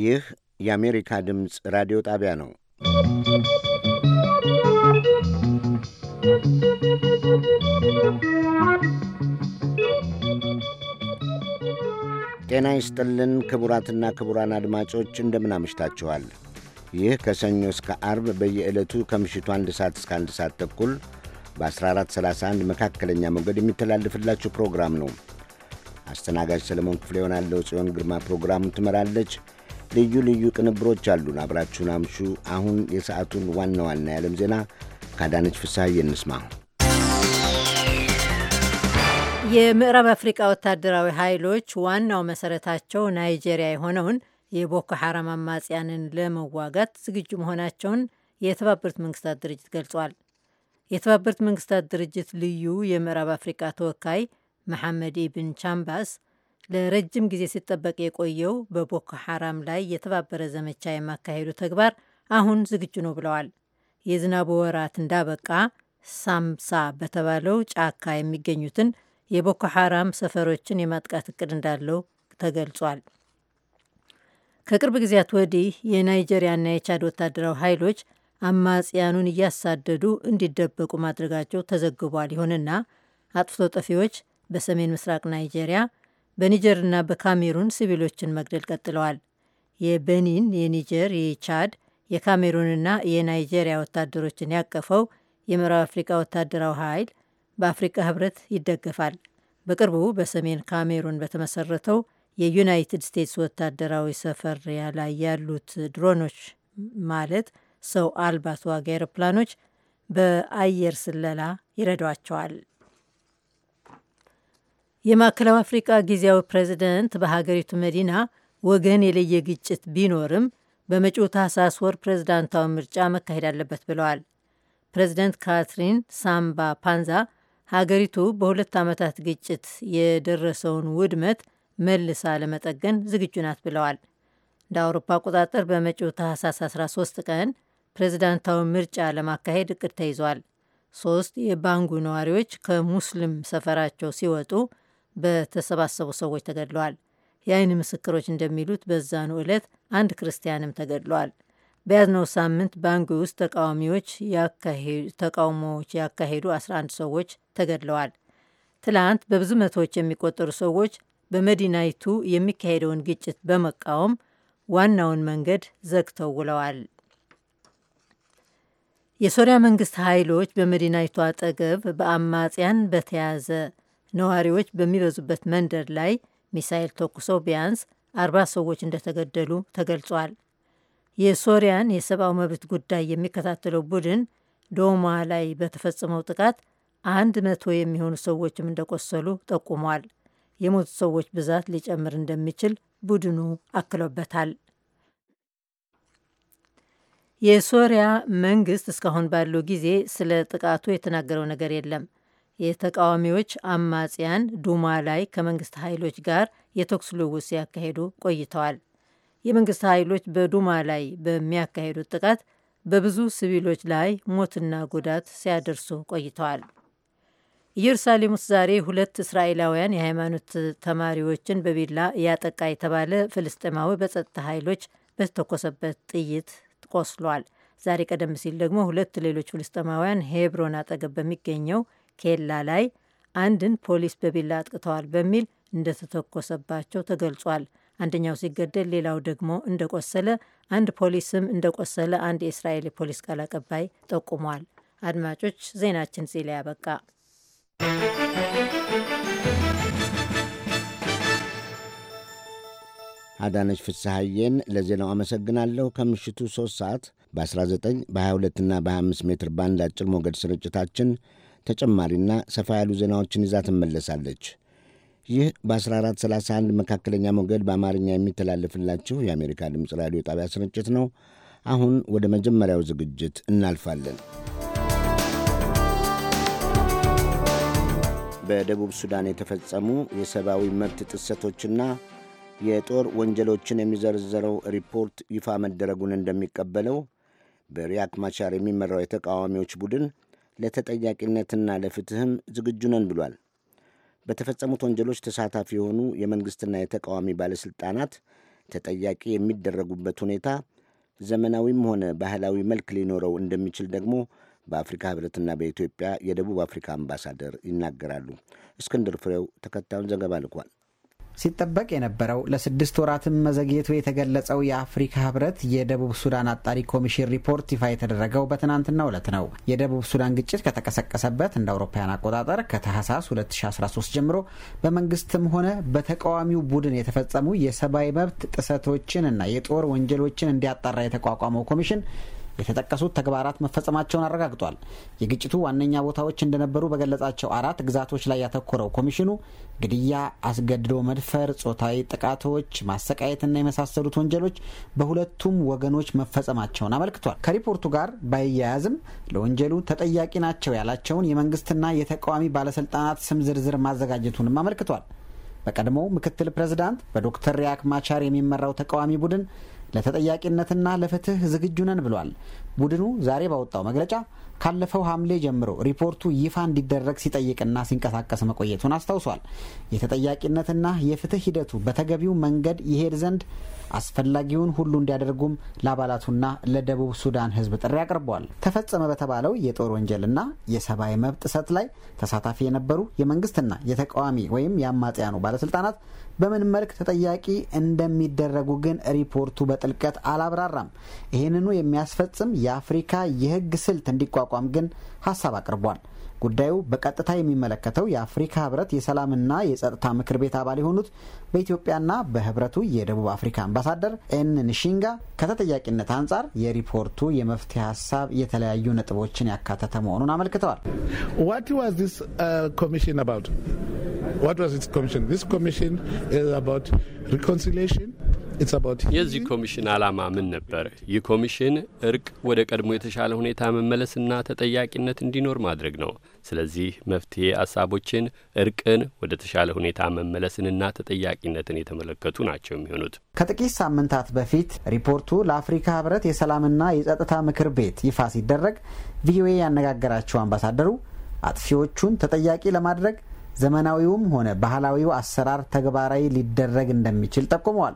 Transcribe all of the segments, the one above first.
ይህ የአሜሪካ ድምፅ ራዲዮ ጣቢያ ነው። ጤና ይስጥልን ክቡራትና ክቡራን አድማጮች እንደምን አምሽታችኋል። ይህ ከሰኞ እስከ አርብ በየዕለቱ ከምሽቱ አንድ ሰዓት እስከ አንድ ሰዓት ተኩል በ1431 መካከለኛ መንገድ የሚተላልፍላችሁ ፕሮግራም ነው። አስተናጋጅ ሰለሞን ክፍሌ ይሆናለሁ። ጽዮን ግርማ ፕሮግራሙን ትመራለች። ልዩ ልዩ ቅንብሮች አሉን። አብራችሁን አምሹ። አሁን የሰዓቱን ዋና ዋና የዓለም ዜና ካዳነች ፍስሐዬ እንስማ። የምዕራብ አፍሪቃ ወታደራዊ ኃይሎች ዋናው መሰረታቸው ናይጄሪያ የሆነውን የቦኮ ሐራም አማጽያንን ለመዋጋት ዝግጁ መሆናቸውን የተባበሩት መንግስታት ድርጅት ገልጿል። የተባበሩት መንግስታት ድርጅት ልዩ የምዕራብ አፍሪቃ ተወካይ መሐመድ ኢብን ቻምባስ ለረጅም ጊዜ ሲጠበቅ የቆየው በቦኮ ሐራም ላይ የተባበረ ዘመቻ የማካሄዱ ተግባር አሁን ዝግጁ ነው ብለዋል። የዝናቡ ወራት እንዳበቃ ሳምሳ በተባለው ጫካ የሚገኙትን የቦኮ ሐራም ሰፈሮችን የማጥቃት እቅድ እንዳለው ተገልጿል። ከቅርብ ጊዜያት ወዲህ ና የቻድ ወታደራዊ ኃይሎች አማጽያኑን እያሳደዱ እንዲደበቁ ማድረጋቸው ተዘግቧል። ይሁንና አጥፍቶ ጠፊዎች በሰሜን ምስራቅ ናይጄሪያ፣ በኒጀርና በካሜሩን ሲቪሎችን መግደል ቀጥለዋል። የበኒን፣ የኒጀር፣ የቻድ፣ የካሜሩንና የናይጄሪያ ወታደሮችን ያቀፈው የምዕራብ አፍሪቃ ወታደራዊ ኃይል በአፍሪቃ ህብረት ይደገፋል። በቅርቡ በሰሜን ካሜሩን በተመሰረተው የዩናይትድ ስቴትስ ወታደራዊ ሰፈር ላይ ያሉት ድሮኖች ማለት ሰው አልባ ተዋጊ አይሮፕላኖች በአየር ስለላ ይረዷቸዋል። የማዕከላዊ አፍሪቃ ጊዜያዊ ፕሬዚደንት በሀገሪቱ መዲና ወገን የለየ ግጭት ቢኖርም በመጪው ታህሳስ ወር ፕሬዝዳንታዊ ምርጫ መካሄድ አለበት ብለዋል። ፕሬዚደንት ካትሪን ሳምባ ፓንዛ ሀገሪቱ በሁለት ዓመታት ግጭት የደረሰውን ውድመት መልሳ ለመጠገን ዝግጁ ናት ብለዋል። እንደ አውሮፓ አቆጣጠር በመጪው ታህሳስ 13 ቀን ፕሬዝዳንታዊ ምርጫ ለማካሄድ እቅድ ተይዟል። ሶስት የባንጉ ነዋሪዎች ከሙስሊም ሰፈራቸው ሲወጡ በተሰባሰቡ ሰዎች ተገድለዋል። የአይን ምስክሮች እንደሚሉት በዛኑ ዕለት አንድ ክርስቲያንም ተገድለዋል። በያዝነው ሳምንት ባንጉ ውስጥ ተቃዋሚዎች ተቃውሞዎች ያካሄዱ 11 ሰዎች ተገድለዋል። ትላንት በብዙ መቶዎች የሚቆጠሩ ሰዎች በመዲናይቱ የሚካሄደውን ግጭት በመቃወም ዋናውን መንገድ ዘግተው ውለዋል። የሶሪያ መንግስት ኃይሎች በመዲናይቱ አጠገብ በአማጽያን በተያዘ ነዋሪዎች በሚበዙበት መንደር ላይ ሚሳይል ተኩሰው ቢያንስ አርባ ሰዎች እንደተገደሉ ተገልጿል። የሶሪያን የሰብአዊ መብት ጉዳይ የሚከታተለው ቡድን ዶማ ላይ በተፈጸመው ጥቃት አንድ መቶ የሚሆኑ ሰዎችም እንደቆሰሉ ጠቁሟል። የሞቱ ሰዎች ብዛት ሊጨምር እንደሚችል ቡድኑ አክሎበታል። የሶሪያ መንግስት እስካሁን ባለው ጊዜ ስለ ጥቃቱ የተናገረው ነገር የለም። የተቃዋሚዎች አማጽያን ዱማ ላይ ከመንግስት ኃይሎች ጋር የተኩስ ልውውጥ ሲያካሂዱ ቆይተዋል። የመንግስት ኃይሎች በዱማ ላይ በሚያካሂዱት ጥቃት በብዙ ሲቪሎች ላይ ሞትና ጉዳት ሲያደርሱ ቆይተዋል። ኢየሩሳሌም ውስጥ ዛሬ ሁለት እስራኤላውያን የሃይማኖት ተማሪዎችን በቢላ ያጠቃ የተባለ ፍልስጤማዊ በጸጥታ ኃይሎች በተተኮሰበት ጥይት ቆስሏል። ዛሬ ቀደም ሲል ደግሞ ሁለት ሌሎች ፍልስጤማውያን ሄብሮን አጠገብ በሚገኘው ኬላ ላይ አንድን ፖሊስ በቢላ አጥቅተዋል በሚል እንደተተኮሰባቸው ተገልጿል። አንደኛው ሲገደል ሌላው ደግሞ እንደቆሰለ፣ አንድ ፖሊስም እንደቆሰለ አንድ የእስራኤል ፖሊስ ቃል አቀባይ ጠቁሟል። አድማጮች ዜናችን ዜላ ያበቃ። አዳነች ፍስሐዬን ለዜናው አመሰግናለሁ። ከምሽቱ 3 ሰዓት በ19 በ22ና በ25 ሜትር ባንድ አጭር ሞገድ ስርጭታችን ተጨማሪና ሰፋ ያሉ ዜናዎችን ይዛ ትመለሳለች። ይህ በ1431 መካከለኛ ሞገድ በአማርኛ የሚተላለፍላችሁ የአሜሪካ ድምፅ ራዲዮ ጣቢያ ስርጭት ነው። አሁን ወደ መጀመሪያው ዝግጅት እናልፋለን። በደቡብ ሱዳን የተፈጸሙ የሰብአዊ መብት ጥሰቶችና የጦር ወንጀሎችን የሚዘረዘረው ሪፖርት ይፋ መደረጉን እንደሚቀበለው በሪያክ ማቻር የሚመራው የተቃዋሚዎች ቡድን ለተጠያቂነትና ለፍትህም ዝግጁ ነን ብሏል። በተፈጸሙት ወንጀሎች ተሳታፊ የሆኑ የመንግሥትና የተቃዋሚ ባለሥልጣናት ተጠያቂ የሚደረጉበት ሁኔታ ዘመናዊም ሆነ ባህላዊ መልክ ሊኖረው እንደሚችል ደግሞ በአፍሪካ ህብረትና በኢትዮጵያ የደቡብ አፍሪካ አምባሳደር ይናገራሉ። እስክንድር ፍሬው ተከታዩን ዘገባ ልኳል። ሲጠበቅ የነበረው ለስድስት ወራትም መዘግየቱ የተገለጸው የአፍሪካ ህብረት የደቡብ ሱዳን አጣሪ ኮሚሽን ሪፖርት ይፋ የተደረገው በትናንትናው ዕለት ነው። የደቡብ ሱዳን ግጭት ከተቀሰቀሰበት እንደ አውሮፓውያን አቆጣጠር ከታህሳስ 2013 ጀምሮ በመንግስትም ሆነ በተቃዋሚው ቡድን የተፈጸሙ የሰብአዊ መብት ጥሰቶችን እና የጦር ወንጀሎችን እንዲያጣራ የተቋቋመው ኮሚሽን የተጠቀሱት ተግባራት መፈጸማቸውን አረጋግጧል። የግጭቱ ዋነኛ ቦታዎች እንደነበሩ በገለጻቸው አራት ግዛቶች ላይ ያተኮረው ኮሚሽኑ ግድያ፣ አስገድዶ መድፈር፣ ጾታዊ ጥቃቶች፣ ማሰቃየትና የመሳሰሉት ወንጀሎች በሁለቱም ወገኖች መፈጸማቸውን አመልክቷል። ከሪፖርቱ ጋር ባይያያዝም ለወንጀሉ ተጠያቂ ናቸው ያላቸውን የመንግስትና የተቃዋሚ ባለስልጣናት ስም ዝርዝር ማዘጋጀቱንም አመልክቷል። በቀድሞው ምክትል ፕሬዝዳንት በዶክተር ሪያክ ማቻር የሚመራው ተቃዋሚ ቡድን ለተጠያቂነትና ለፍትህ ዝግጁ ነን ብሏል። ቡድኑ ዛሬ ባወጣው መግለጫ ካለፈው ሐምሌ ጀምሮ ሪፖርቱ ይፋ እንዲደረግ ሲጠይቅና ሲንቀሳቀስ መቆየቱን አስታውሷል። የተጠያቂነትና የፍትህ ሂደቱ በተገቢው መንገድ ይሄድ ዘንድ አስፈላጊውን ሁሉ እንዲያደርጉም ለአባላቱና ለደቡብ ሱዳን ሕዝብ ጥሪ አቅርበዋል። ተፈጸመ በተባለው የጦር ወንጀልና የሰብአዊ መብት ጥሰት ላይ ተሳታፊ የነበሩ የመንግስትና የተቃዋሚ ወይም የአማጽያኑ ባለስልጣናት በምን መልክ ተጠያቂ እንደሚደረጉ ግን ሪፖርቱ በጥልቀት አላብራራም። ይህንኑ የሚያስፈጽም የአፍሪካ የህግ ስልት እንዲቋቋም ግን ሀሳብ አቅርቧል። ጉዳዩ በቀጥታ የሚመለከተው የአፍሪካ ህብረት የሰላምና የጸጥታ ምክር ቤት አባል የሆኑት በኢትዮጵያና በህብረቱ የደቡብ አፍሪካ አምባሳደር ኤን ንሺንጋ ከተጠያቂነት አንጻር የሪፖርቱ የመፍትሄ ሀሳብ የተለያዩ ነጥቦችን ያካተተ መሆኑን አመልክተዋል። ኮሚሽን የዚህ ኮሚሽን ዓላማ ምን ነበር? ይህ ኮሚሽን እርቅ ወደ ቀድሞ የተሻለ ሁኔታ መመለስና ተጠያቂነት እንዲኖር ማድረግ ነው። ስለዚህ መፍትሄ ሀሳቦችን እርቅን፣ ወደ ተሻለ ሁኔታ መመለስንና ተጠያቂነትን የተመለከቱ ናቸው የሚሆኑት። ከጥቂት ሳምንታት በፊት ሪፖርቱ ለአፍሪካ ህብረት የሰላምና የጸጥታ ምክር ቤት ይፋ ሲደረግ ቪኦኤ ያነጋገራቸው አምባሳደሩ አጥፊዎቹን ተጠያቂ ለማድረግ ዘመናዊውም ሆነ ባህላዊው አሰራር ተግባራዊ ሊደረግ እንደሚችል ጠቁመዋል።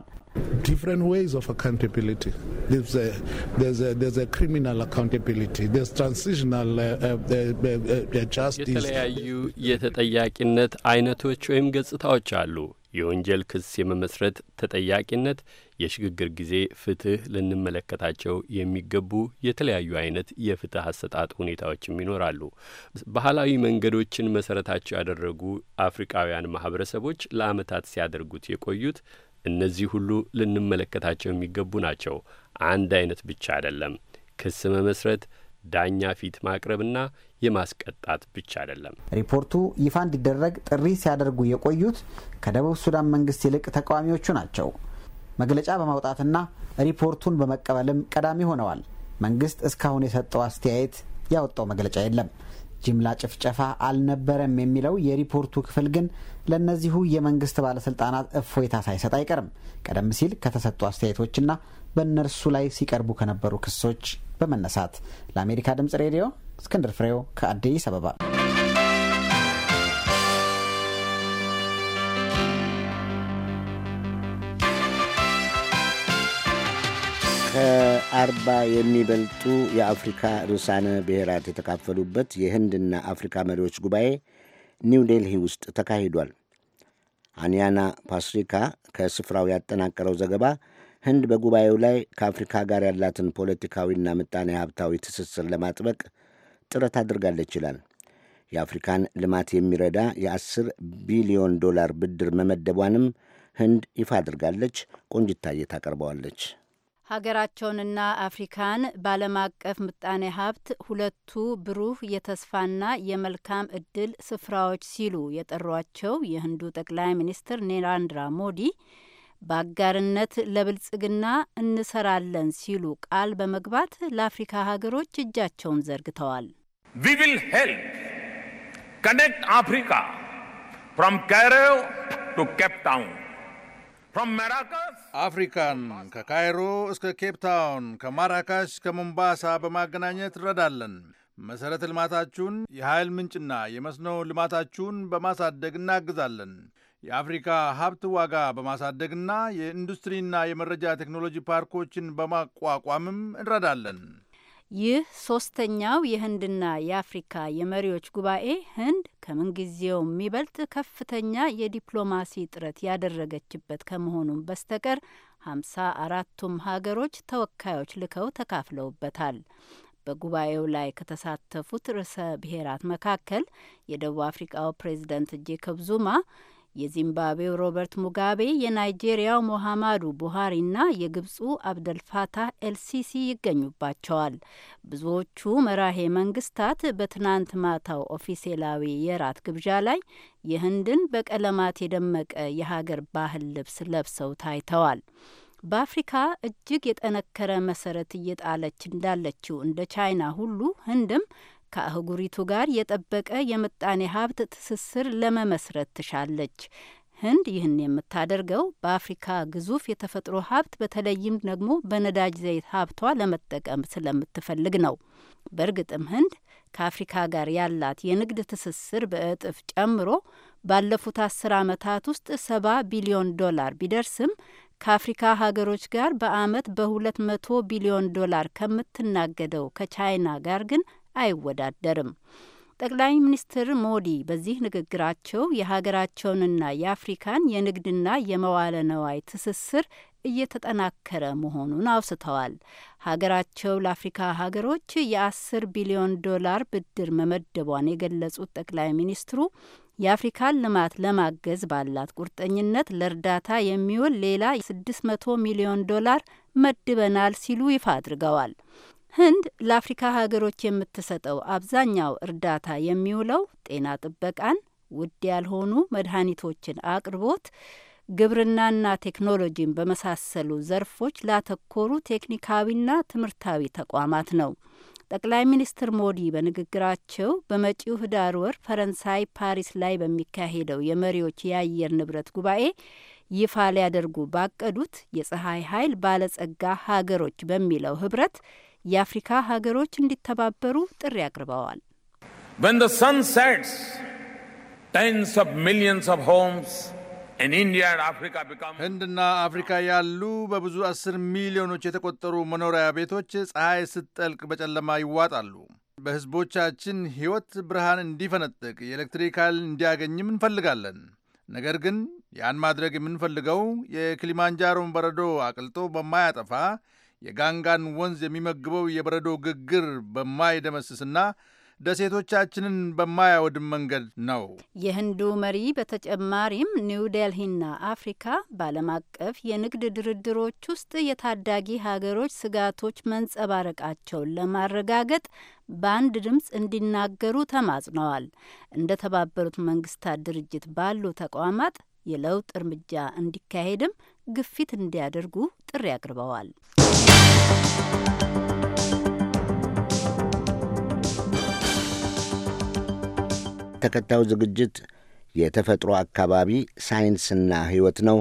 different ways of accountability. There's a, there's a, there's a criminal accountability. There's transitional uh uh uh, uh, uh, uh, justice. የተለያዩ የተጠያቂነት አይነቶች ወይም ገጽታዎች አሉ። የወንጀል ክስ የመመስረት ተጠያቂነት፣ የሽግግር ጊዜ ፍትህ ልንመለከታቸው የሚገቡ የተለያዩ አይነት የፍትህ አሰጣጥ ሁኔታዎችም ይኖራሉ። ባህላዊ መንገዶችን መሰረታቸው ያደረጉ አፍሪካውያን ማህበረሰቦች ለአመታት ሲያደርጉት የቆዩት እነዚህ ሁሉ ልንመለከታቸው የሚገቡ ናቸው። አንድ አይነት ብቻ አይደለም። ክስ መመስረት፣ ዳኛ ፊት ማቅረብና የማስቀጣት ብቻ አይደለም። ሪፖርቱ ይፋ እንዲደረግ ጥሪ ሲያደርጉ የቆዩት ከደቡብ ሱዳን መንግስት ይልቅ ተቃዋሚዎቹ ናቸው። መግለጫ በማውጣትና ሪፖርቱን በመቀበልም ቀዳሚ ሆነዋል። መንግስት እስካሁን የሰጠው አስተያየት፣ ያወጣው መግለጫ የለም። ጅምላ ጭፍጨፋ አልነበረም የሚለው የሪፖርቱ ክፍል ግን ለእነዚሁ የመንግስት ባለስልጣናት እፎይታ ሳይሰጥ አይቀርም። ቀደም ሲል ከተሰጡ አስተያየቶችና በእነርሱ ላይ ሲቀርቡ ከነበሩ ክሶች በመነሳት ለአሜሪካ ድምጽ ሬዲዮ እስክንድር ፍሬው ከአዲስ አበባ አርባ የሚበልጡ የአፍሪካ ርዕሳነ ብሔራት የተካፈሉበት የህንድና አፍሪካ መሪዎች ጉባኤ ኒው ዴልሂ ውስጥ ተካሂዷል። አንያና ፓስሪካ ከስፍራው ያጠናቀረው ዘገባ ህንድ በጉባኤው ላይ ከአፍሪካ ጋር ያላትን ፖለቲካዊና ምጣኔ ሀብታዊ ትስስር ለማጥበቅ ጥረት አድርጋለች ይላል። የአፍሪካን ልማት የሚረዳ የአስር ቢሊዮን ዶላር ብድር መመደቧንም ህንድ ይፋ አድርጋለች። ቆንጅታዬ ታቀርበዋለች። ሀገራቸውንና አፍሪካን ባለም አቀፍ ምጣኔ ሀብት ሁለቱ ብሩህ የተስፋና የመልካም እድል ስፍራዎች ሲሉ የጠሯቸው የህንዱ ጠቅላይ ሚኒስትር ኔራንድራ ሞዲ በአጋርነት ለብልጽግና እንሰራለን ሲሉ ቃል በመግባት ለአፍሪካ ሀገሮች እጃቸውን ዘርግተዋል። ዊ ዊል ሄልፕ ከኔክት አፍሪካ ፍሮም ካይሮ ቱ ኬፕ ታውን ፍሮም ሜራካስ አፍሪካን ከካይሮ እስከ ኬፕታውን ከማራካሽ ከሞምባሳ በማገናኘት እንረዳለን። መሠረተ ልማታችሁን የኃይል ምንጭና የመስኖ ልማታችሁን በማሳደግ እናግዛለን። የአፍሪካ ሀብት ዋጋ በማሳደግና የኢንዱስትሪና የመረጃ ቴክኖሎጂ ፓርኮችን በማቋቋምም እንረዳለን። ይህ ሶስተኛው የህንድና የአፍሪካ የመሪዎች ጉባኤ ህንድ ከምንጊዜው የሚበልጥ ከፍተኛ የዲፕሎማሲ ጥረት ያደረገችበት ከመሆኑም በስተቀር ሀምሳ አራቱም ሀገሮች ተወካዮች ልከው ተካፍለውበታል። በጉባኤው ላይ ከተሳተፉት ርዕሰ ብሔራት መካከል የደቡብ አፍሪካው ፕሬዚደንት ጄኮብ ዙማ የዚምባብዌው ሮበርት ሙጋቤ፣ የናይጄሪያው ሞሐማዱ ቡሃሪና የግብፁ አብደልፋታህ ኤልሲሲ ይገኙባቸዋል። ብዙዎቹ መራሄ መንግስታት በትናንት ማታው ኦፊሴላዊ የራት ግብዣ ላይ የህንድን በቀለማት የደመቀ የሀገር ባህል ልብስ ለብሰው ታይተዋል። በአፍሪካ እጅግ የጠነከረ መሰረት እየጣለች እንዳለችው እንደ ቻይና ሁሉ ህንድም ከአህጉሪቱ ጋር የጠበቀ የምጣኔ ሀብት ትስስር ለመመስረት ትሻለች። ህንድ ይህን የምታደርገው በአፍሪካ ግዙፍ የተፈጥሮ ሀብት በተለይም ደግሞ በነዳጅ ዘይት ሀብቷ ለመጠቀም ስለምትፈልግ ነው። በእርግጥም ህንድ ከአፍሪካ ጋር ያላት የንግድ ትስስር በእጥፍ ጨምሮ ባለፉት አስር ዓመታት ውስጥ ሰባ ቢሊዮን ዶላር ቢደርስም ከአፍሪካ ሀገሮች ጋር በአመት በሁለት መቶ ቢሊዮን ዶላር ከምትናገደው ከቻይና ጋር ግን አይወዳደርም። ጠቅላይ ሚኒስትር ሞዲ በዚህ ንግግራቸው የሀገራቸውንና የአፍሪካን የንግድና የመዋለ ነዋይ ትስስር እየተጠናከረ መሆኑን አውስተዋል። ሀገራቸው ለአፍሪካ ሀገሮች የአስር ቢሊዮን ዶላር ብድር መመደቧን የገለጹት ጠቅላይ ሚኒስትሩ የአፍሪካን ልማት ለማገዝ ባላት ቁርጠኝነት ለእርዳታ የሚውል ሌላ 60ቶ ሚሊዮን ዶላር መድበናል ሲሉ ይፋ አድርገዋል። ህንድ ለአፍሪካ ሀገሮች የምትሰጠው አብዛኛው እርዳታ የሚውለው ጤና ጥበቃን፣ ውድ ያልሆኑ መድኃኒቶችን አቅርቦት፣ ግብርናና ቴክኖሎጂን በመሳሰሉ ዘርፎች ላተኮሩ ቴክኒካዊና ትምህርታዊ ተቋማት ነው። ጠቅላይ ሚኒስትር ሞዲ በንግግራቸው በመጪው ህዳር ወር ፈረንሳይ ፓሪስ ላይ በሚካሄደው የመሪዎች የአየር ንብረት ጉባኤ ይፋ ሊያደርጉ ባቀዱት የፀሐይ ኃይል ባለጸጋ ሀገሮች በሚለው ህብረት የአፍሪካ ሀገሮች እንዲተባበሩ ጥሪ አቅርበዋል። ህንድና አፍሪካ ያሉ በብዙ አስር ሚሊዮኖች የተቆጠሩ መኖሪያ ቤቶች ፀሐይ ስትጠልቅ በጨለማ ይዋጣሉ። በህዝቦቻችን ሕይወት ብርሃን እንዲፈነጥቅ የኤሌክትሪክ ኃይል እንዲያገኝም እንፈልጋለን። ነገር ግን ያን ማድረግ የምንፈልገው የክሊማንጃሮን በረዶ አቅልጦ በማያጠፋ የጋንጋን ወንዝ የሚመግበው የበረዶ ግግር በማይደመስስና ደሴቶቻችንን በማያወድም መንገድ ነው። የህንዱ መሪ በተጨማሪም ኒው ዴልሂና አፍሪካ በዓለም አቀፍ የንግድ ድርድሮች ውስጥ የታዳጊ ሀገሮች ስጋቶች መንጸባረቃቸውን ለማረጋገጥ በአንድ ድምፅ እንዲናገሩ ተማጽነዋል። እንደ ተባበሩት መንግስታት ድርጅት ባሉ ተቋማት የለውጥ እርምጃ እንዲካሄድም ግፊት እንዲያደርጉ ጥሪ አቅርበዋል። ተከታዩ ዝግጅት የተፈጥሮ አካባቢ ሳይንስና ሕይወት ነው።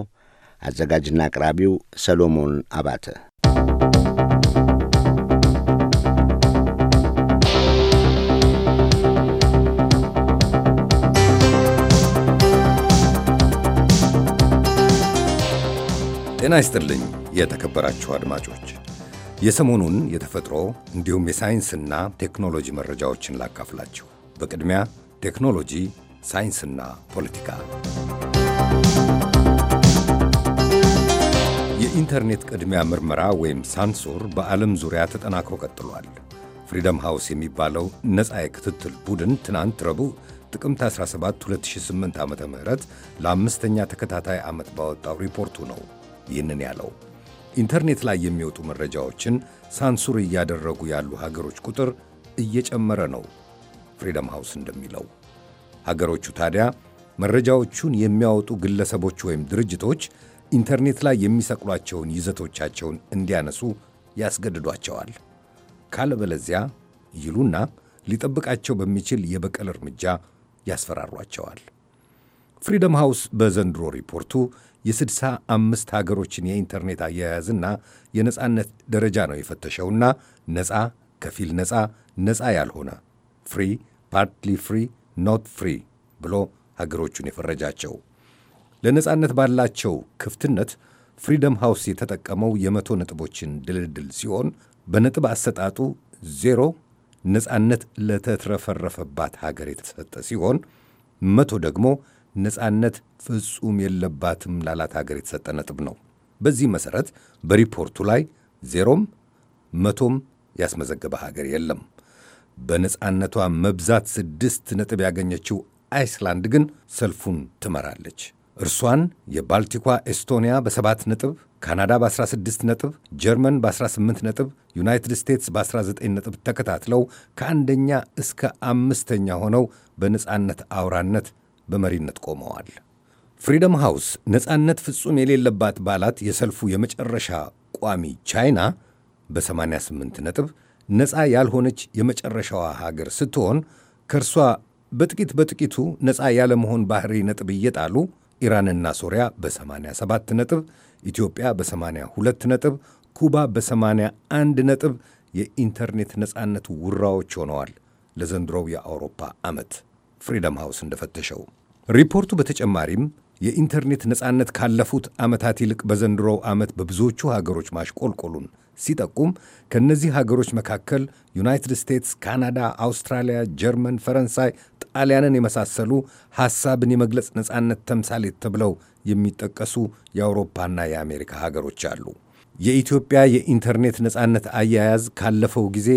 አዘጋጅና አቅራቢው ሰሎሞን አባተ ጤና ይስጥልኝ የተከበራችሁ አድማጮች። የሰሞኑን የተፈጥሮ እንዲሁም የሳይንስና ቴክኖሎጂ መረጃዎችን ላካፍላችሁ። በቅድሚያ ቴክኖሎጂ፣ ሳይንስና ፖለቲካ። የኢንተርኔት ቅድሚያ ምርመራ ወይም ሳንሱር በዓለም ዙሪያ ተጠናክሮ ቀጥሏል። ፍሪደም ሃውስ የሚባለው ነፃ የክትትል ቡድን ትናንት ረቡዕ ጥቅምት 17 2008 ዓ ም ለአምስተኛ ተከታታይ ዓመት ባወጣው ሪፖርቱ ነው ይህንን ያለው ኢንተርኔት ላይ የሚወጡ መረጃዎችን ሳንሱር እያደረጉ ያሉ ሀገሮች ቁጥር እየጨመረ ነው። ፍሪደም ሃውስ እንደሚለው ሀገሮቹ ታዲያ መረጃዎቹን የሚያወጡ ግለሰቦች ወይም ድርጅቶች ኢንተርኔት ላይ የሚሰቅሏቸውን ይዘቶቻቸውን እንዲያነሱ ያስገድዷቸዋል። ካለበለዚያ ይሉና ሊጠብቃቸው በሚችል የበቀል እርምጃ ያስፈራሯቸዋል። ፍሪደም ሃውስ በዘንድሮ ሪፖርቱ የስድሳ አምስት ሀገሮችን የኢንተርኔት አያያዝና የነፃነት ደረጃ ነው የፈተሸውና ነፃ፣ ከፊል ነጻ፣ ነጻ ያልሆነ ፍሪ፣ ፓርትሊ ፍሪ፣ ኖት ፍሪ ብሎ ሀገሮቹን የፈረጃቸው ለነፃነት ባላቸው ክፍትነት ፍሪደም ሃውስ የተጠቀመው የመቶ ነጥቦችን ድልድል ሲሆን በነጥብ አሰጣጡ ዜሮ ነፃነት ለተትረፈረፈባት ሀገር የተሰጠ ሲሆን መቶ ደግሞ ነጻነት ፍጹም የለባትም ላላት ሀገር የተሰጠ ነጥብ ነው። በዚህ መሠረት በሪፖርቱ ላይ ዜሮም መቶም ያስመዘገበ ሀገር የለም። በነጻነቷ መብዛት ስድስት ነጥብ ያገኘችው አይስላንድ ግን ሰልፉን ትመራለች። እርሷን የባልቲኳ ኤስቶኒያ በሰባት ነጥብ፣ ካናዳ በ16 ነጥብ፣ ጀርመን በ18 ነጥብ፣ ዩናይትድ ስቴትስ በ19 ነጥብ ተከታትለው ከአንደኛ እስከ አምስተኛ ሆነው በነጻነት አውራነት በመሪነት ቆመዋል። ፍሪደም ሃውስ ነፃነት ፍጹም የሌለባት ባላት የሰልፉ የመጨረሻ ቋሚ ቻይና በ88 ነጥብ ነፃ ያልሆነች የመጨረሻዋ ሀገር ስትሆን ከእርሷ በጥቂት በጥቂቱ ነፃ ያለመሆን ባህሪ ነጥብ እየጣሉ ኢራንና ሶሪያ በ87 ነጥብ፣ ኢትዮጵያ በ82 ነጥብ፣ ኩባ በ81 ነጥብ የኢንተርኔት ነፃነት ውራዎች ሆነዋል። ለዘንድሮው የአውሮፓ ዓመት ፍሪደም ሃውስ እንደፈተሸው ሪፖርቱ በተጨማሪም የኢንተርኔት ነጻነት ካለፉት ዓመታት ይልቅ በዘንድሮው ዓመት በብዙዎቹ ሀገሮች ማሽቆልቆሉን ሲጠቁም ከእነዚህ ሀገሮች መካከል ዩናይትድ ስቴትስ፣ ካናዳ፣ አውስትራሊያ፣ ጀርመን፣ ፈረንሳይ፣ ጣሊያንን የመሳሰሉ ሐሳብን የመግለጽ ነጻነት ተምሳሌት ተብለው የሚጠቀሱ የአውሮፓና የአሜሪካ ሀገሮች አሉ። የኢትዮጵያ የኢንተርኔት ነጻነት አያያዝ ካለፈው ጊዜ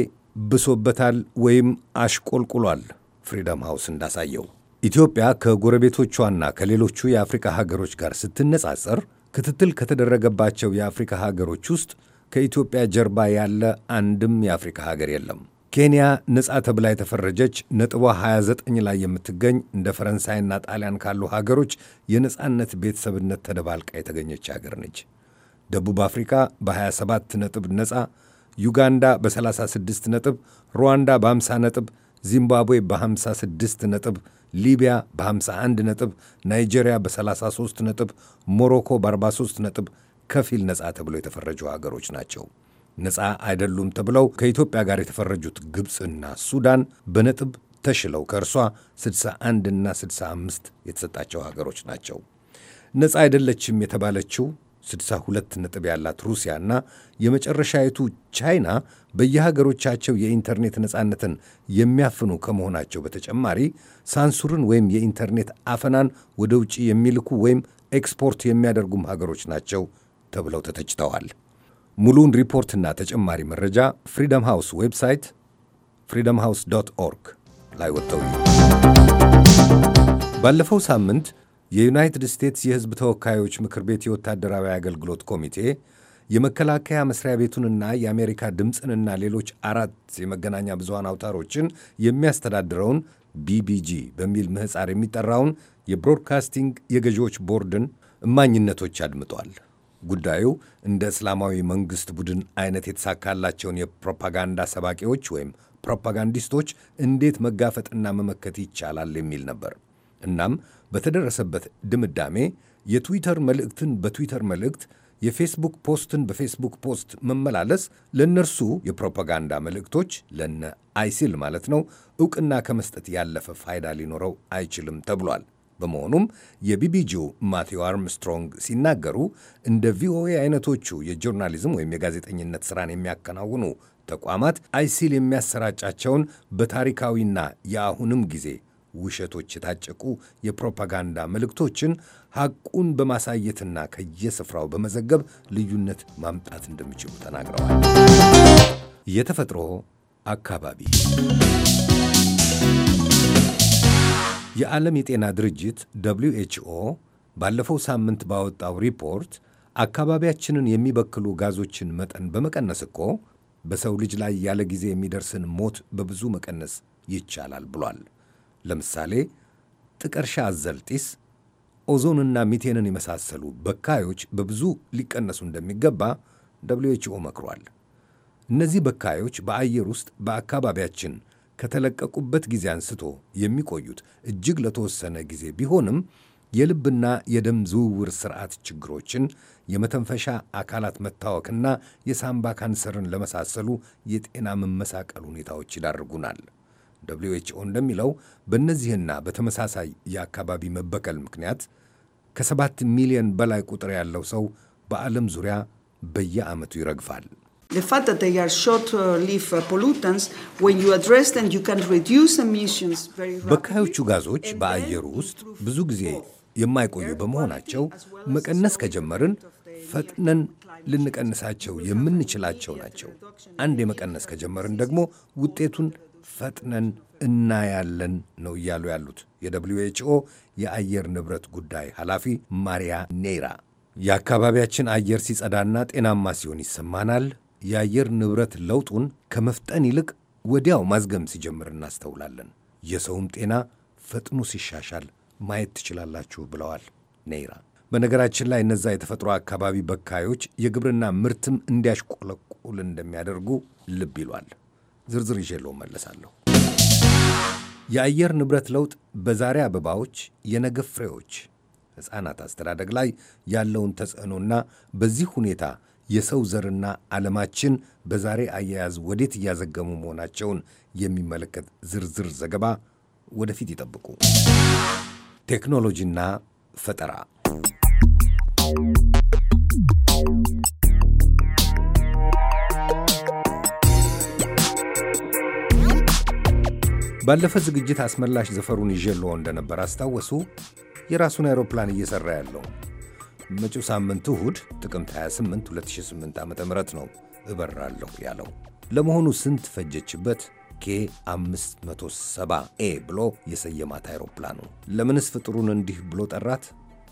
ብሶበታል ወይም አሽቆልቁሏል ፍሪደም ሃውስ እንዳሳየው ኢትዮጵያ ከጎረቤቶቿና ከሌሎቹ የአፍሪካ ሀገሮች ጋር ስትነጻጸር ክትትል ከተደረገባቸው የአፍሪካ ሀገሮች ውስጥ ከኢትዮጵያ ጀርባ ያለ አንድም የአፍሪካ ሀገር የለም። ኬንያ ነጻ ተብላ የተፈረጀች ነጥቧ 29 ላይ የምትገኝ እንደ ፈረንሳይና ጣሊያን ካሉ ሀገሮች የነጻነት ቤተሰብነት ተደባልቃ የተገኘች ሀገር ነች። ደቡብ አፍሪካ በ27 ነጥብ ነጻ፣ ዩጋንዳ በ36 ነጥብ፣ ሩዋንዳ በ50 ነጥብ ዚምባብዌ በ56 ነጥብ፣ ሊቢያ በ51 ነጥብ፣ ናይጄሪያ በ33 ነጥብ፣ ሞሮኮ በ43 ነጥብ ከፊል ነፃ ተብለው የተፈረጁ ሀገሮች ናቸው። ነፃ አይደሉም ተብለው ከኢትዮጵያ ጋር የተፈረጁት ግብፅና ሱዳን በነጥብ ተሽለው ከእርሷ 61 እና 65 የተሰጣቸው ሀገሮች ናቸው። ነፃ አይደለችም የተባለችው 62 ነጥብ ያላት ሩሲያ እና የመጨረሻይቱ ቻይና በየሀገሮቻቸው የኢንተርኔት ነፃነትን የሚያፍኑ ከመሆናቸው በተጨማሪ ሳንሱርን ወይም የኢንተርኔት አፈናን ወደ ውጭ የሚልኩ ወይም ኤክስፖርት የሚያደርጉም ሀገሮች ናቸው ተብለው ተተችተዋል። ሙሉውን ሪፖርትና ተጨማሪ መረጃ ፍሪደም ሃውስ ዌብሳይት ፍሪደም ሃውስ ዶት ኦርግ ላይ ወጥተው ባለፈው ሳምንት የዩናይትድ ስቴትስ የሕዝብ ተወካዮች ምክር ቤት የወታደራዊ አገልግሎት ኮሚቴ የመከላከያ መስሪያ ቤቱንና የአሜሪካ ድምፅንና ሌሎች አራት የመገናኛ ብዙሃን አውታሮችን የሚያስተዳድረውን ቢቢጂ በሚል ምህፃር የሚጠራውን የብሮድካስቲንግ የገዢዎች ቦርድን እማኝነቶች አድምጧል። ጉዳዩ እንደ እስላማዊ መንግሥት ቡድን አይነት የተሳካላቸውን የፕሮፓጋንዳ ሰባቂዎች ወይም ፕሮፓጋንዲስቶች እንዴት መጋፈጥና መመከት ይቻላል የሚል ነበር። እናም በተደረሰበት ድምዳሜ የትዊተር መልእክትን በትዊተር መልእክት የፌስቡክ ፖስትን በፌስቡክ ፖስት መመላለስ ለእነርሱ የፕሮፓጋንዳ መልእክቶች ለነ አይሲል ማለት ነው እውቅና ከመስጠት ያለፈ ፋይዳ ሊኖረው አይችልም ተብሏል። በመሆኑም የቢቢጂው ማቴው አርምስትሮንግ ሲናገሩ እንደ ቪኦኤ አይነቶቹ የጆርናሊዝም ወይም የጋዜጠኝነት ስራን የሚያከናውኑ ተቋማት አይሲል የሚያሰራጫቸውን በታሪካዊና የአሁንም ጊዜ ውሸቶች የታጨቁ የፕሮፓጋንዳ መልእክቶችን ሐቁን በማሳየትና ከየስፍራው በመዘገብ ልዩነት ማምጣት እንደሚችሉ ተናግረዋል። የተፈጥሮ አካባቢ የዓለም የጤና ድርጅት ደብሊው ኤችኦ ባለፈው ሳምንት ባወጣው ሪፖርት አካባቢያችንን የሚበክሉ ጋዞችን መጠን በመቀነስ እኮ በሰው ልጅ ላይ ያለ ጊዜ የሚደርስን ሞት በብዙ መቀነስ ይቻላል ብሏል። ለምሳሌ ጥቀርሻ አዘል ጢስ፣ ኦዞንና ሚቴንን የመሳሰሉ በካዮች በብዙ ሊቀነሱ እንደሚገባ ደብሊው ኤች ኦ መክሯል። እነዚህ በካዮች በአየር ውስጥ በአካባቢያችን ከተለቀቁበት ጊዜ አንስቶ የሚቆዩት እጅግ ለተወሰነ ጊዜ ቢሆንም የልብና የደም ዝውውር ስርዓት ችግሮችን፣ የመተንፈሻ አካላት መታወክና የሳምባ ካንሰርን ለመሳሰሉ የጤና መመሳቀል ሁኔታዎች ይዳርጉናል። ደብልዩ ኤችኦ እንደሚለው በእነዚህና በተመሳሳይ የአካባቢ መበቀል ምክንያት ከሰባት ሚሊዮን በላይ ቁጥር ያለው ሰው በዓለም ዙሪያ በየዓመቱ ይረግፋል። uh, uh, በካዮቹ ጋዞች በአየሩ ውስጥ ብዙ ጊዜ የማይቆዩ በመሆናቸው መቀነስ ከጀመርን ፈጥነን ልንቀንሳቸው የምንችላቸው ናቸው። አንድ የመቀነስ ከጀመርን ደግሞ ውጤቱን ፈጥነን እናያለን ነው እያሉ ያሉት የደብሊዩ ኤችኦ የአየር ንብረት ጉዳይ ኃላፊ ማሪያ ኔራ። የአካባቢያችን አየር ሲጸዳና ጤናማ ሲሆን ይሰማናል። የአየር ንብረት ለውጡን ከመፍጠን ይልቅ ወዲያው ማዝገም ሲጀምር እናስተውላለን። የሰውም ጤና ፈጥኖ ሲሻሻል ማየት ትችላላችሁ ብለዋል ኔይራ። በነገራችን ላይ እነዛ የተፈጥሮ አካባቢ በካዮች የግብርና ምርትም እንዲያሽቆለቁል እንደሚያደርጉ ልብ ይሏል። ዝርዝር ይዤለው መለሳለሁ። የአየር ንብረት ለውጥ በዛሬ አበባዎች፣ የነገ ፍሬዎች፣ ሕፃናት አስተዳደግ ላይ ያለውን ተጽዕኖና በዚህ ሁኔታ የሰው ዘርና ዓለማችን በዛሬ አያያዝ ወዴት እያዘገሙ መሆናቸውን የሚመለከት ዝርዝር ዘገባ ወደፊት ይጠብቁ። ቴክኖሎጂና ፈጠራ ባለፈ ዝግጅት አስመላሽ ዘፈሩን ይጀሎ እንደነበር አስታወሱ። የራሱን አይሮፕላን እየሠራ ያለው መጪው ሳምንት እሁድ ጥቅምት 28 2008 ዓ ም ነው እበራለሁ ያለው። ለመሆኑ ስንት ፈጀችበት? ኬ 570 ኤ ብሎ የሰየማት አይሮፕላኑ ለምንስ ፍጥሩን እንዲህ ብሎ ጠራት?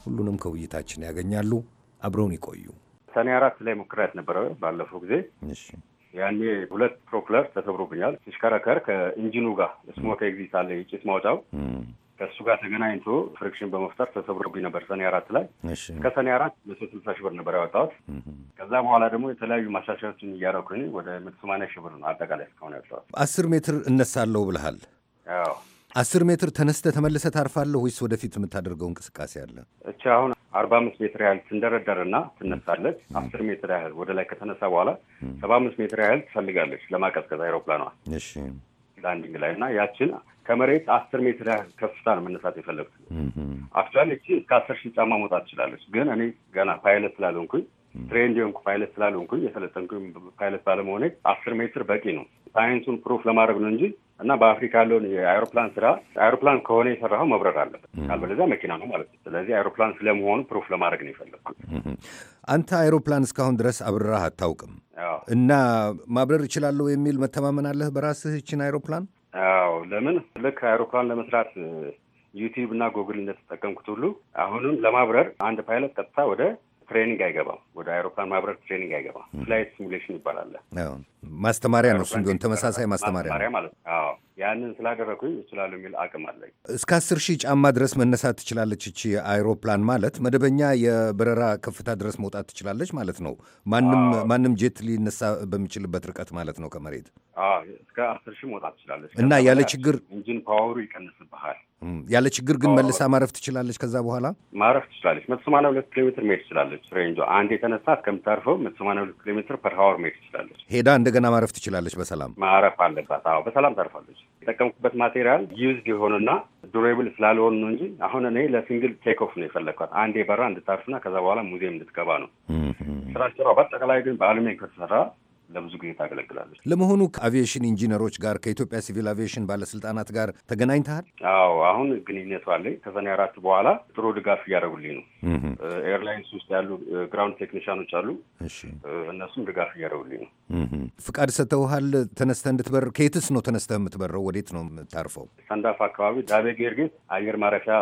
ሁሉንም ከውይይታችን ያገኛሉ። አብረውን ይቆዩ። ሰኔ አራት ላይ ሙከራ ነበረ ባለፈው ጊዜ ያኔ ሁለት ፕሮክለር ተሰብሮብኛል። ሲሽከረከር ከኢንጂኑ ጋር ስሞክ ኤግዚት አለ የጭስ ማውጫው ከእሱ ጋር ተገናኝቶ ፍሪክሽን በመፍጠር ተሰብሮብኝ ነበር ሰኔ አራት ላይ እስከ ሰኔ አራት ለሶስት ስልሳ ሺህ ብር ነበር ያወጣሁት። ከዛ በኋላ ደግሞ የተለያዩ ማሻሻያዎችን እያረኩኝ ወደ መቶ ሰማንያ ሺህ ብር ነው አጠቃላይ እስካሁን ያወጣሁት። አስር ሜትር እነሳለሁ ብለሃል። አስር ሜትር ተነስተ ተመልሰ ታርፋለህ ወይስ ወደፊት የምታደርገው እንቅስቃሴ አለ? እቺ አሁን አርባ አምስት ሜትር ያህል ትንደረደርና ትነሳለች። አስር ሜትር ያህል ወደ ላይ ከተነሳ በኋላ ሰባ አምስት ሜትር ያህል ትፈልጋለች ለማቀዝቀዝ አውሮፕላኗ ላንዲንግ ላይ እና ያችን ከመሬት አስር ሜትር ያህል ከፍታ ነው መነሳት የፈለጉት። አክቹዋሊ እቺ እስከ አስር ሺህ ጫማ መውጣት ትችላለች። ግን እኔ ገና ፓይለት ስላልሆንኩኝ ትሬንድ የሆንኩ ፓይለት ስላልሆንኩኝ የሰለጠንኩኝ ፓይለት ባለመሆኔ አስር ሜትር በቂ ነው። ሳይንሱን ፕሩፍ ለማድረግ ነው እንጂ እና በአፍሪካ ያለውን የአይሮፕላን ስራ አይሮፕላን ከሆነ የሰራኸው መብረር አለበት፣ ካልበለዚያ መኪና ነው ማለት ነው። ስለዚህ አይሮፕላን ስለመሆኑ ፕሩፍ ለማድረግ ነው የፈለግኩት። አንተ አይሮፕላን እስካሁን ድረስ አብረራህ አታውቅም እና ማብረር እችላለሁ የሚል መተማመን አለህ በራስህ ይህችን አይሮፕላን? አዎ። ለምን ልክ አይሮፕላን ለመስራት ዩቲዩብ እና ጉግል እንደተጠቀምኩት ሁሉ አሁንም ለማብረር አንድ ፓይለት ቀጥታ ወደ ትሬኒንግ አይገባም። ወደ አይሮፕላን ማብረር ትሬኒንግ አይገባም። ፍላይት ሲሙሌሽን ይባላል። ማስተማሪያ ነው። እሱም ቢሆን ተመሳሳይ ማስተማሪያ ማለት ነው። ያንን ስላደረግኩኝ እችላለሁ የሚል አቅም አለኝ። እስከ አስር ሺህ ጫማ ድረስ መነሳት ትችላለች። እቺ አይሮፕላን ማለት መደበኛ የበረራ ከፍታ ድረስ መውጣት ትችላለች ማለት ነው። ማንም ማንም ጄት ሊነሳ በሚችልበት ርቀት ማለት ነው ከመሬት እስከ አስር ሺህ መውጣት ትችላለች እና ያለ ችግር ኢንጂን ፓወሩ ይቀንስብሃል። ያለ ችግር ግን መልሳ ማረፍ ትችላለች። ከዛ በኋላ ማረፍ ትችላለች። መቶ ሰማንያ ሁለት ኪሎ ሜትር መሄድ ትችላለች። ሬንጆ አንድ የተነሳ እስከምታርፈው መቶ ሰማንያ ሁለት ኪሎ ሜትር ፐር ሀወር መሄድ ትችላለች ሄዳ እንደ እንደገና ማረፍ ትችላለች። በሰላም ማረፍ አለባት። አዎ በሰላም ታርፋለች። የጠቀምኩበት ማቴሪያል ዩዝድ የሆኑና ዱሬብል ስላልሆኑ ነው እንጂ አሁን እኔ ለሲንግል ቴክ ኦፍ ነው የፈለግኳት። አንዴ በራ እንድታርፍና ከዛ በኋላ ሙዚየም እንድትገባ ነው ስራ ስራ። በአጠቃላይ ግን በአሉሚኒየም ከተሰራ ለብዙ ጊዜ ታገለግላለች። ለመሆኑ ከአቪዬሽን ኢንጂነሮች ጋር ከኢትዮጵያ ሲቪል አቪዬሽን ባለስልጣናት ጋር ተገናኝተሃል? አዎ፣ አሁን ግንኙነቱ አለኝ። ከሰኔ አራት በኋላ ጥሩ ድጋፍ እያደረጉልኝ ነው። ኤርላይንስ ውስጥ ያሉ ግራውንድ ቴክኒሽያኖች አሉ። እነሱም ድጋፍ እያደረጉልኝ ነው። ፍቃድ ሰጥተውሃል ተነስተህ እንድትበር? ከየትስ ነው ተነስተህ የምትበረው? ወዴት ነው የምታርፈው? ሰንዳፋ አካባቢ ዳቤ ጌርጌት አየር ማረፊያ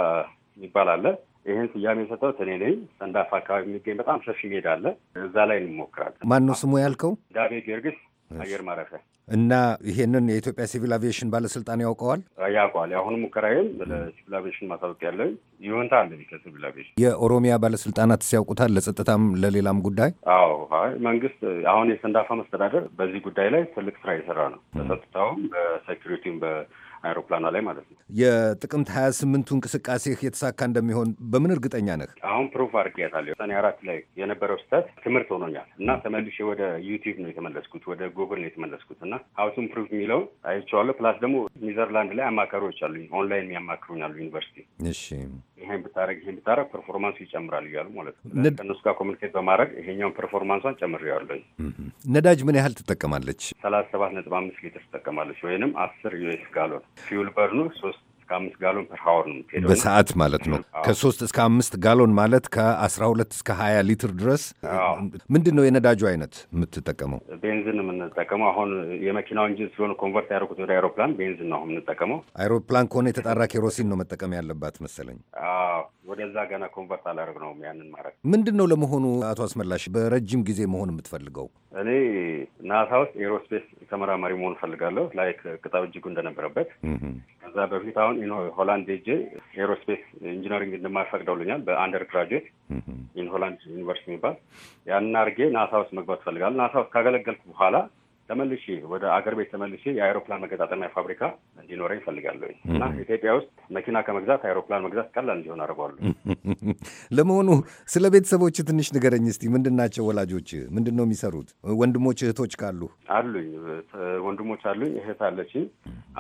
አለ። ይህን ስያሜ የሰጠው እኔ ነኝ። ሰንዳፋ አካባቢ የሚገኝ በጣም ሰፊ ሜዳ አለ። እዛ ላይ እንሞክራለን። ማን ነው ስሙ ያልከው? ዳቤ ጊዮርጊስ አየር ማረፊያ እና ይሄንን የኢትዮጵያ ሲቪል አቪዬሽን ባለስልጣን ያውቀዋል ያውቀዋል። አሁን ሙከራዬም ለሲቪል አቪዬሽን ማሳወቅ ያለኝ ይሁንታ አለ ከሲቪል አቪዬሽን። የኦሮሚያ ባለስልጣናት ሲያውቁታል ለጸጥታም ለሌላም ጉዳይ። አዎ መንግስት አሁን የሰንዳፋ መስተዳደር በዚህ ጉዳይ ላይ ትልቅ ስራ እየሰራ ነው። በጸጥታውም በሴኪሪቲውም አውሮፕላኗ ላይ ማለት ነው። የጥቅምት ሀያ ስምንቱ እንቅስቃሴህ የተሳካ እንደሚሆን በምን እርግጠኛ ነህ? አሁን ፕሩፍ አድርጌያታለሁ። ሰኔ አራት ላይ የነበረው ስህተት ትምህርት ሆኖኛል እና ተመልሼ ወደ ዩቲዩብ ነው የተመለስኩት፣ ወደ ጉግል ነው የተመለስኩት እና ሀውቱን ፕሩፍ የሚለውን አይቼዋለሁ። ፕላስ ደግሞ ኒዘርላንድ ላይ አማካሪዎች አሉኝ፣ ኦንላይን የሚያማክሩኛሉ ዩኒቨርሲቲ። እሺ ይሄን ብታረግ ይሄን ብታረግ ፐርፎርማንስ ይጨምራል እያሉ ማለት ነው። ከእነሱ ጋር ኮሚኒኬት በማድረግ ይሄኛውን ፐርፎርማንሷን ጨምሬዋለሁኝ። ነዳጅ ምን ያህል ትጠቀማለች? ሰላሳ ሰባት ነጥብ አምስት ሊትር ትጠቀማለች ወይንም አስር ዩኤስ ጋሎን ፊውል በርኑ ሶስት እስከ አምስት ጋሎን ፐር ሀወር ነው የምትሄደው በሰዓት ማለት ነው። ከሶስት እስከ አምስት ጋሎን ማለት ከአስራ ሁለት እስከ ሀያ ሊትር ድረስ። ምንድን ነው የነዳጁ አይነት የምትጠቀመው? ቤንዝን የምንጠቀመው አሁን የመኪናው ኢንጂን ስለሆነ ኮንቨርት ያደርጉት ወደ አይሮፕላን ቤንዝን ነው የምንጠቀመው። አይሮፕላን ከሆነ የተጣራ ኬሮሲን ነው መጠቀም ያለባት መሰለኝ። ወደዛ ገና ኮንቨርት አላደርግ ነው። ያንን ማድረግ ምንድን ነው ለመሆኑ አቶ አስመላሽ በረጅም ጊዜ መሆን የምትፈልገው? እኔ ናሳ ውስጥ ኤሮስፔስ ተመራማሪ መሆን እፈልጋለሁ። ላይ ቅጣው እጅጉ እንደነበረበት ከዛ በፊት አሁን ኢን ሆላንድ ጄ ኤሮስፔስ ኢንጂነሪንግ እንድማር ፈቅደውልኛል በአንደር ግራጁዌት ኢን ሆላንድ ዩኒቨርሲቲ የሚባል ያንን አድርጌ ናሳ ውስጥ መግባት እፈልጋለሁ። ናሳ ውስጥ ካገለገልኩ በኋላ ተመልሼ ወደ አገር ቤት ተመልሼ የአይሮፕላን መገጣጠሚያ ፋብሪካ እንዲኖረ ይፈልጋለሁ እና ኢትዮጵያ ውስጥ መኪና ከመግዛት አይሮፕላን መግዛት ቀላል እንዲሆን አድርጓሉ። ለመሆኑ ስለ ቤተሰቦች ትንሽ ንገረኝ እስቲ። ምንድን ናቸው ወላጆች? ምንድን ነው የሚሰሩት? ወንድሞች እህቶች ካሉ? አሉኝ፣ ወንድሞች አሉኝ፣ እህት አለችኝ፣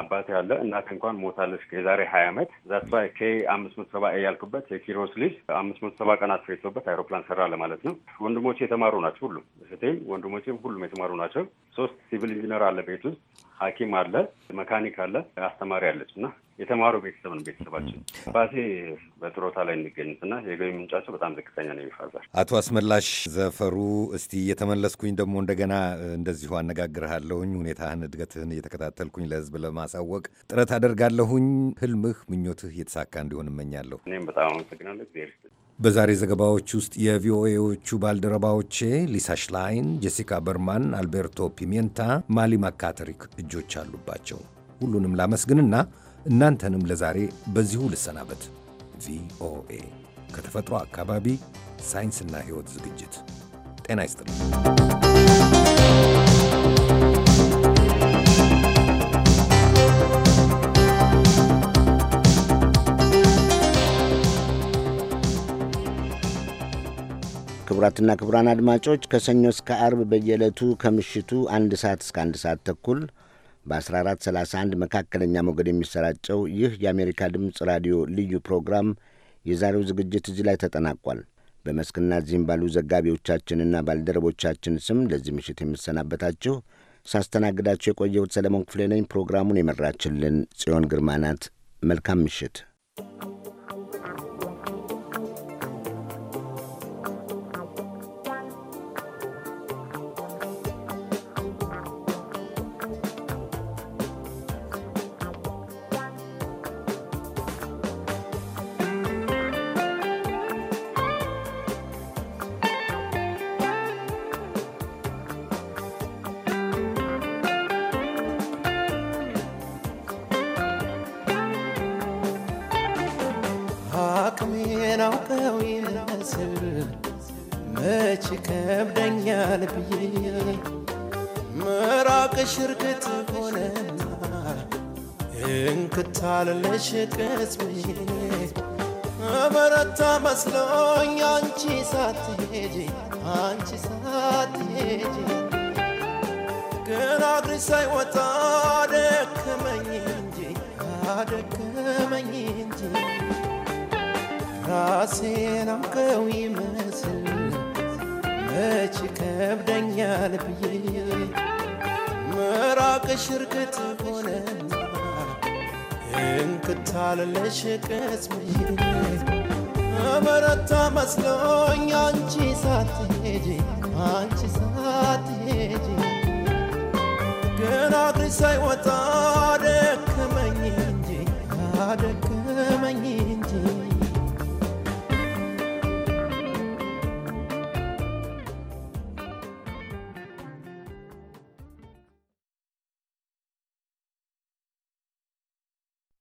አባቴ አለ። እናቴ እንኳን ሞታለች የዛሬ ሀያ ዓመት ዛስባ ኬ አምስት መቶ ሰባ ያልኩበት የኪሮስ ልጅ አምስት መቶ ሰባ ቀናት ፈጅቶበት አይሮፕላን ሰራ ለማለት ነው። ወንድሞቼ የተማሩ ናቸው ሁሉም፣ እህቴም ወንድሞቼም ሁሉም የተማሩ ናቸው ሶስት ሲቪል ኢንጂነር አለ፣ ቤት ውስጥ ሐኪም አለ፣ መካኒክ አለ፣ አስተማሪ አለች እና የተማሩ ቤተሰብ ነው ቤተሰባችን። ባሴ በጥሮታ ላይ እንገኝት እና የገቢ ምንጫቸው በጣም ዝቅተኛ ነው። ይፋዛል አቶ አስመላሽ ዘፈሩ፣ እስቲ እየተመለስኩኝ ደግሞ እንደገና እንደዚሁ አነጋግርሃለሁኝ። ሁኔታህን እድገትህን እየተከታተልኩኝ ለህዝብ ለማሳወቅ ጥረት አደርጋለሁኝ። ህልምህ ምኞትህ እየተሳካ እንዲሆን እመኛለሁ። እኔም በጣም አመሰግናለሁ። በዛሬ ዘገባዎች ውስጥ የቪኦኤዎቹ ባልደረባዎቼ ሊሳ ሽላይን፣ ጄሲካ በርማን፣ አልቤርቶ ፒሜንታ፣ ማሊ ማካተሪክ እጆች አሉባቸው። ሁሉንም ላመስግንና እናንተንም ለዛሬ በዚሁ ልሰናበት። ቪኦኤ ከተፈጥሮ አካባቢ ሳይንስና ሕይወት ዝግጅት ጤና ይስጥልኝ። ክቡራትና ክቡራን አድማጮች ከሰኞ እስከ አርብ በየዕለቱ ከምሽቱ አንድ ሰዓት እስከ አንድ ሰዓት ተኩል በ1431 መካከለኛ ሞገድ የሚሰራጨው ይህ የአሜሪካ ድምፅ ራዲዮ ልዩ ፕሮግራም የዛሬው ዝግጅት እዚህ ላይ ተጠናቋል። በመስክና እዚህም ባሉ ዘጋቢዎቻችንና ባልደረቦቻችን ስም ለዚህ ምሽት የምሰናበታችሁ ሳስተናግዳችሁ የቆየሁት ሰለሞን ክፍሌ ነኝ። ፕሮግራሙን የመራችልን ጽዮን ግርማ ናት። መልካም ምሽት። ብዬ ምራቅሽ እርግጥ ሆነና እንክታለለሽ ቀስ ብዬ እበረታ መስሎኝ አንቺ ሳትሄጂ አንቺ ሳትሄጂ ግን ሳይወጣ እንጂ እንጂ ራሴን መች ከብደኛል ብዬ ምራቅሽ እርግጥ ሆነና እንክታልለሽ ቅጽምዬ በረታ መስሎኝ አንቺ ሳትሄጂ አንቺ ሳትሄጂ ግን አግሪ ሳይወጣ ደከመኝ እንጂ አደከ